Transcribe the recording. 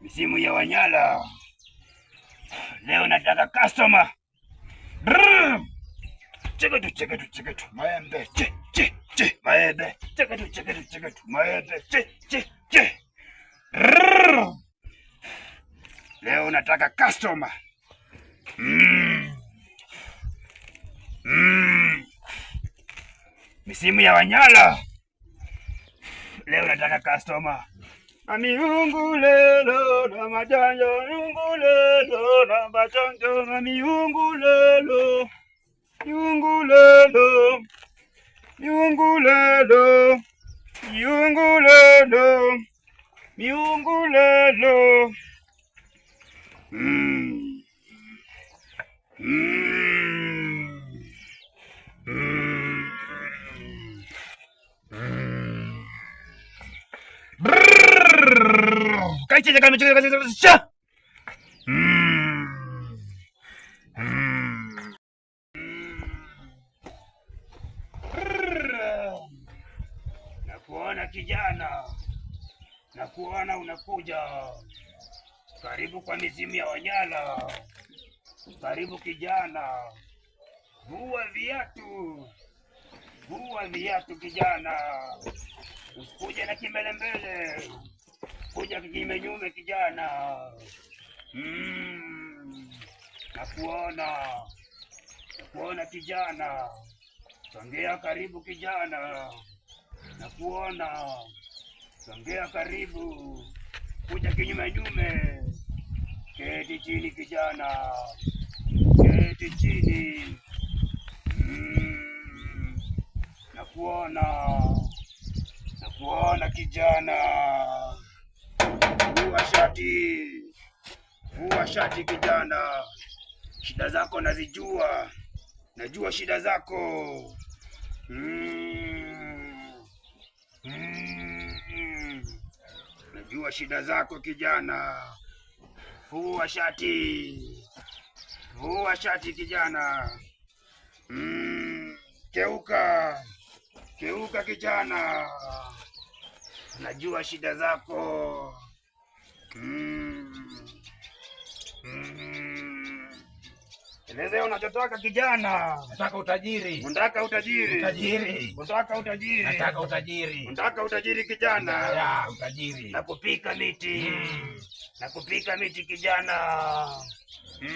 misimu ya Wanyala. Leo nataka customer cheketu cheketu cheketu maembe che che che maembe cheketu cheketu cheketu maembe che che che. Leo nataka customer mm. Mm. Misimu ya Wanyala. Leo nataka customer Mamiungu lelo na machanjo yungu lelo na machanjo mamiungu lelo yungu lelo miungu lelo miungu lelo miungu lelo mm. mm. Kaite Nakuona kijana, nakuona unakuja karibu kwa mizimu ya Wanyala. Karibu kijana, vua viatu, vua viatu kijana, usikuje na kimbelembele kuja kijimenyume kijana. Mm, nakuona, nakuona kijana, songea karibu kijana, nakuona, songea karibu, kuja kinyumenyume. Keti chini kijana, keti chini. Hmm. nakuona, nakuona kijana. Vua shati, vua shati kijana, shida zako nazijua, najua shida zako mm. Mm. Najua shida zako kijana, vua shati, vua shati kijana mm. Keuka, keuka kijana, najua shida zako. Elezea unachotaka kijana. Nataka utajiri. Unataka utajiri. Utajiri. Unataka utajiri. Nataka utajiri. Unataka utajiri kijana. Ya, utajiri. Nakupika miti. Mm. Nakupika miti kijana. Mm.